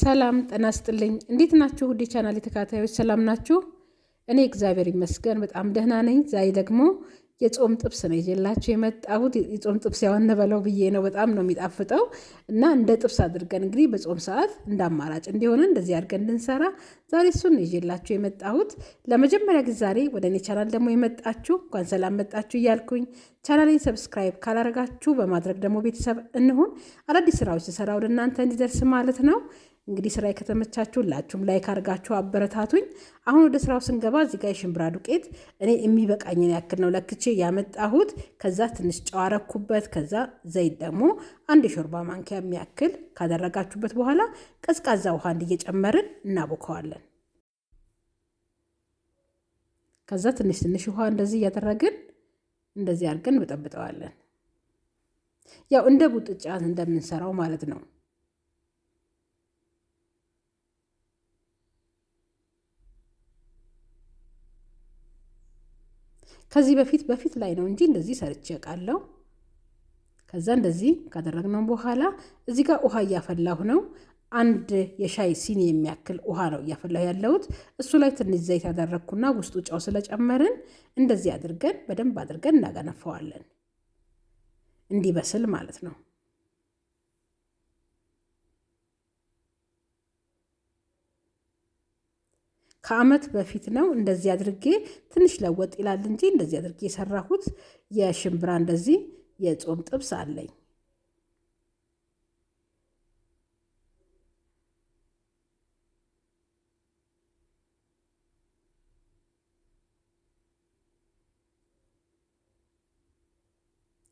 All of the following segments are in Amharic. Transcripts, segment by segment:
ሰላም ጤና ይስጥልኝ። እንዴት ናችሁ? ውድ ቻናል የተከታታዮች ሰላም ናችሁ? እኔ እግዚአብሔር ይመስገን በጣም ደህና ነኝ። ዛሬ ደግሞ የጾም ጥብስ ነው ይዤላችሁ የመጣሁት። የጾም ጥብስ ያው እንበለው ብዬ ነው። በጣም ነው የሚጣፍጠው እና እንደ ጥብስ አድርገን እንግዲህ በጾም ሰዓት እንደ አማራጭ እንዲሆነ እንደዚህ አድርገን እንድንሰራ ዛሬ እሱን ይዤላችሁ የመጣሁት። ለመጀመሪያ ጊዜ ዛሬ ወደ እኔ ቻናል ደግሞ የመጣችሁ እንኳን ሰላም መጣችሁ እያልኩኝ ቻናሌን ሰብስክራይብ ካላረጋችሁ በማድረግ ደግሞ ቤተሰብ እንሁን። አዳዲስ ስራዎች ስሰራ ወደ እናንተ እንዲደርስ ማለት ነው። እንግዲህ ስራ ከተመቻችሁ ላችሁም ላይክ አድርጋችሁ አበረታቱኝ። አሁን ወደ ስራው ስንገባ እዚህ ጋር የሽምብራ ዱቄት እኔ የሚበቃኝን ያክል ነው ለክቼ ያመጣሁት። ከዛ ትንሽ ጨው አረኩበት። ከዛ ዘይት ደግሞ አንድ የሾርባ ማንኪያ የሚያክል ካደረጋችሁበት በኋላ ቀዝቃዛ ውሃ እየጨመርን እናቦከዋለን። ከዛ ትንሽ ትንሽ ውሃ እንደዚህ እያደረግን እንደዚህ አድርገን በጠብጠዋለን። ያው እንደ ቡጥጫ እንደምንሰራው ማለት ነው። ከዚህ በፊት በፊት ላይ ነው እንጂ እንደዚህ ሰርቼ አውቃለሁ። ከዛ እንደዚህ ካደረግነው በኋላ እዚህ ጋር ውሃ እያፈላሁ ነው። አንድ የሻይ ሲኒ የሚያክል ውሃ ነው እያፈላሁ ያለሁት። እሱ ላይ ትንሽ ዘይት ያደረግኩና ውስጡ ጨው ስለጨመርን እንደዚህ አድርገን በደንብ አድርገን እናገነፈዋለን እንዲበስል ማለት ነው። ከአመት በፊት ነው እንደዚህ አድርጌ ትንሽ ለወጥ ይላል እንጂ እንደዚህ አድርጌ የሰራሁት የሽምብራ እንደዚህ የጾም ጥብስ አለኝ።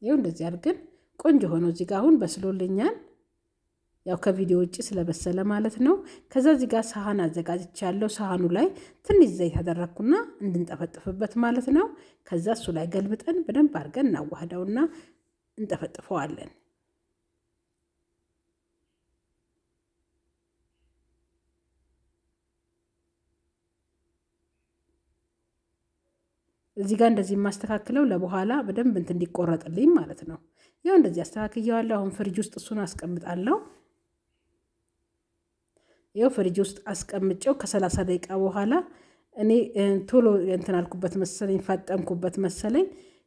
ይኸው እንደዚህ አድርገን ቆንጆ ሆኖ እዚህ ጋር አሁን በስሎልኛል። ያው ከቪዲዮ ውጭ ስለበሰለ ማለት ነው። ከዛ እዚህ ጋር ሳህን አዘጋጅቼ ያለው ሳህኑ ላይ ትንሽ ዘይት አደረግኩና እንድንጠፈጥፍበት ማለት ነው። ከዛ እሱ ላይ ገልብጠን በደንብ አድርገን እናዋህደውና እንጠፈጥፈዋለን። እዚህ ጋር እንደዚህ የማስተካክለው ለበኋላ በደንብ እንትን እንዲቆረጥልኝ ማለት ነው። ያው እንደዚህ አስተካክየዋለሁ። አሁን ፍሪጅ ውስጥ እሱን አስቀምጣለሁ። ይኸው ፍሪጅ ውስጥ አስቀምጨው ከሰላሳ ደቂቃ በኋላ እኔ ቶሎ እንትን አልኩበት መሰለኝ ፈጠምኩበት መሰለኝ።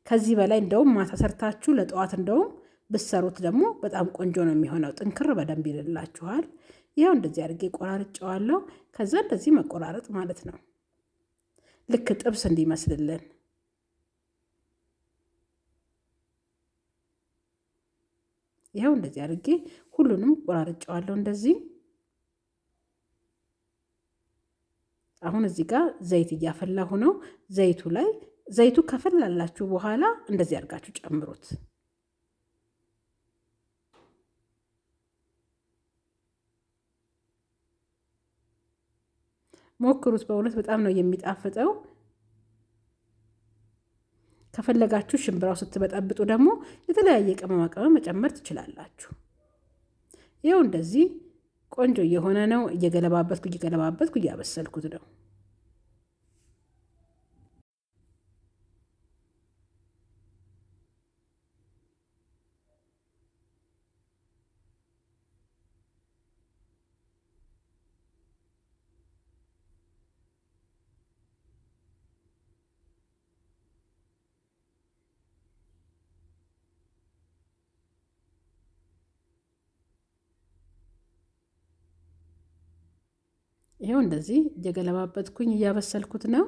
ከዚህ በላይ እንደውም ማታ ሰርታችሁ ለጠዋት እንደውም ብሰሩት ደግሞ በጣም ቆንጆ ነው የሚሆነው። ጥንክር በደንብ ይልላችኋል። ያው እንደዚህ አድርጌ ቆራርጨዋለሁ። ከዛ እንደዚህ መቆራረጥ ማለት ነው። ልክ ጥብስ እንዲመስልልን ይኸው እንደዚህ አድርጌ ሁሉንም ቆራርጨዋለሁ እንደዚህ አሁን እዚህ ጋር ዘይት እያፈላሁ ነው። ዘይቱ ላይ ዘይቱ ከፈላላችሁ በኋላ እንደዚህ አድርጋችሁ ጨምሩት። ሞክሩት። በእውነት በጣም ነው የሚጣፍጠው። ከፈለጋችሁ ሽምብራው ስትበጠብጡ ደግሞ የተለያየ ቅመማ ቅመም መጨመር ትችላላችሁ። ይኸው እንደዚህ ቆንጆ እየሆነ ነው። እየገለባበትኩ እየገለባበትኩ እያበሰልኩት ነው። ይኸው እንደዚህ እየገለባበጥኩኝ እያበሰልኩት ነው።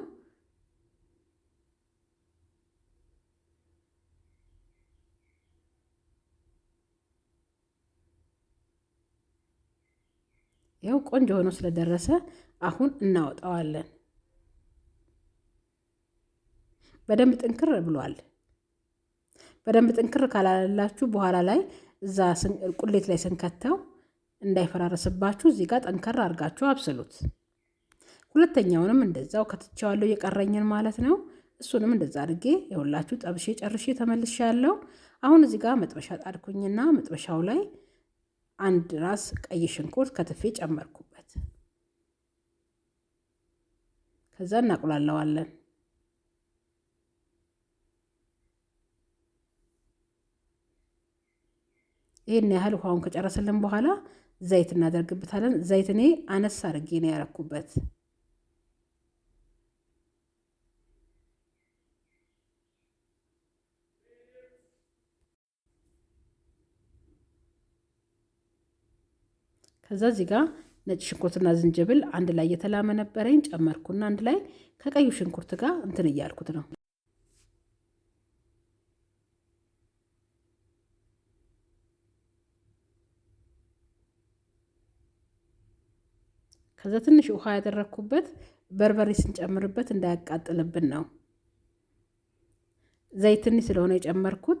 ይኸው ቆንጆ ሆኖ ስለደረሰ አሁን እናወጣዋለን። በደንብ ጥንክር ብሏል። በደንብ ጥንክር ካላላችሁ በኋላ ላይ እዛ ቁሌት ላይ ስንከተው እንዳይፈራረስባችሁ እዚህ ጋር ጠንከር አድርጋችሁ አብስሉት። ሁለተኛውንም እንደዛው ከትቼዋለሁ የቀረኝን ማለት ነው። እሱንም እንደዛ አድርጌ የሁላችሁ ጠብሼ ጨርሼ ተመልሼ ያለው። አሁን እዚህ ጋር መጥበሻ ጣድኩኝና መጥበሻው ላይ አንድ ራስ ቀይ ሽንኩርት ከትፌ ጨመርኩበት። ከዛ እናቁላለዋለን። ይህን ያህል ውሃውን ከጨረስልን በኋላ ዘይት እናደርግበታለን። ዘይት እኔ አነስ አድርጌ ነው ያረኩበት። ከዛ እዚህ ጋር ነጭ ሽንኩርትና ዝንጅብል አንድ ላይ የተላመ ነበረኝ ጨመርኩና አንድ ላይ ከቀዩ ሽንኩርት ጋር እንትን እያልኩት ነው ከዛ ትንሽ ውሃ ያደረግኩበት በርበሬ ስንጨምርበት እንዳያቃጥልብን ነው። ዘይት ትንሽ ስለሆነ የጨመርኩት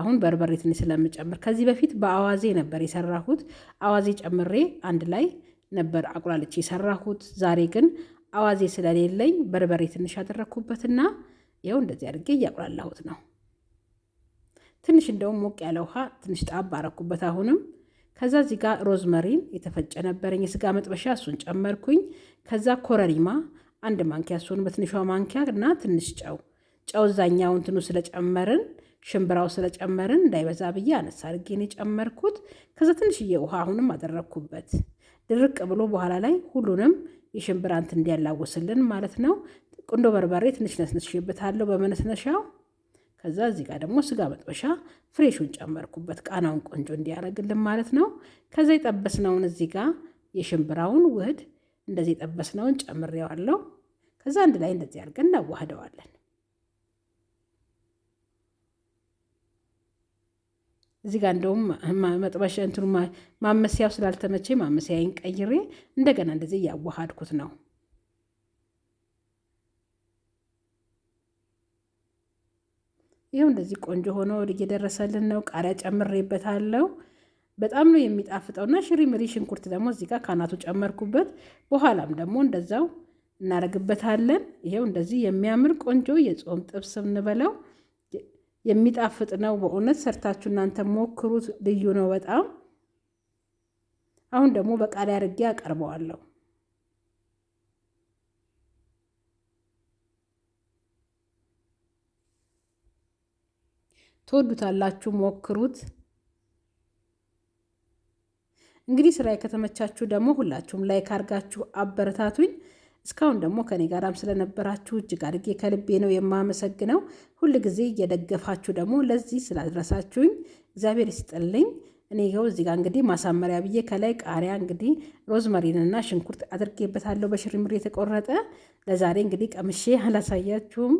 አሁን በርበሬ ትንሽ ስለምጨምር፣ ከዚህ በፊት በአዋዜ ነበር የሰራሁት። አዋዜ ጨምሬ አንድ ላይ ነበር አቁላልቼ የሰራሁት። ዛሬ ግን አዋዜ ስለሌለኝ በርበሬ ትንሽ ያደረግኩበትና ይኸው እንደዚህ አድርጌ እያቁላላሁት ነው። ትንሽ እንደውም ሞቅ ያለ ውሃ ትንሽ ጣብ አረኩበት አሁንም ከዛ እዚህ ጋር ሮዝመሪን የተፈጨ ነበረኝ የስጋ መጥበሻ፣ እሱን ጨመርኩኝ። ከዛ ኮረሪማ አንድ ማንኪያ፣ እሱን በትንሿ ማንኪያ እና ትንሽ ጨው ጨው እዛኛው እንትኑ ስለጨመርን ሽምብራው ስለጨመርን እንዳይበዛ ብዬ አነሳ አድርጌ የጨመርኩት። ከዛ ትንሽዬ ውሃ አሁንም አደረግኩበት ድርቅ ብሎ በኋላ ላይ ሁሉንም የሽምብራ እንትን እንዲያላውስልን ማለት ነው። ቁንዶ በርበሬ ትንሽ ነስነሽበታለሁ በመነስነሻው ከዛ እዚህ ጋር ደግሞ ስጋ መጥበሻ ፍሬሹን ጨመርኩበት ቃናውን ቆንጆ እንዲያደርግልን ማለት ነው። ከዛ የጠበስነውን እዚህ ጋር የሽምብራውን ውህድ እንደዚህ የጠበስነውን ጨምሬዋለሁ። ከዛ አንድ ላይ እንደዚህ አድርገን እናዋህደዋለን። እዚህ ጋር እንደውም መጥበሻ እንትኑ ማመሰያው ስላልተመቼ ማመስያይን ቀይሬ እንደገና እንደዚህ እያዋሃድኩት ነው። ይኸው እንደዚህ ቆንጆ ሆኖ እየደረሰልን ነው። ቃሪያ ጨምሬበታለሁ። በጣም ነው ሽሪ ምሪ ሽንኩርት ደግሞ እዚህ ጋር ካናቱ ጨመርኩበት። በኋላም ደግሞ እንደዛው እናደርግበታለን። ይኸው እንደዚህ የሚያምር ቆንጆ የጾም ጥብስ እንበለው የሚጣፍጥ ነው በእውነት ሰርታችሁ እናንተ ሞክሩት። ልዩ ነው በጣም። አሁን ደግሞ በቃሪያ አድርጌ አቀርበዋለሁ። ትወዱታላችሁ፣ ሞክሩት። እንግዲህ ስራ ከተመቻችሁ ደግሞ ሁላችሁም ላይክ አድርጋችሁ አበረታቱኝ። እስካሁን ደግሞ ከኔ ጋራም ስለነበራችሁ እጅግ አድርጌ ከልቤ ነው የማመሰግነው። ሁል ጊዜ እየደገፋችሁ ደግሞ ለዚህ ስላደረሳችሁኝ እግዚአብሔር ይስጥልኝ። እኔ ይኸው እዚህ ጋር እንግዲህ ማሳመሪያ ብዬ ከላይ ቃሪያ እንግዲህ ሮዝመሪንና ሽንኩርት አድርጌበታለሁ በሽርምር የተቆረጠ። ለዛሬ እንግዲህ ቀምሼ አላሳያችሁም።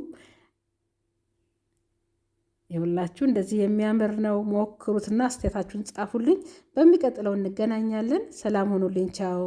ይሁላችሁ። እንደዚህ የሚያምር ነው። ሞክሩትና አስተያየታችሁን ጻፉልኝ። በሚቀጥለው እንገናኛለን። ሰላም ሆኑልኝ። ቻው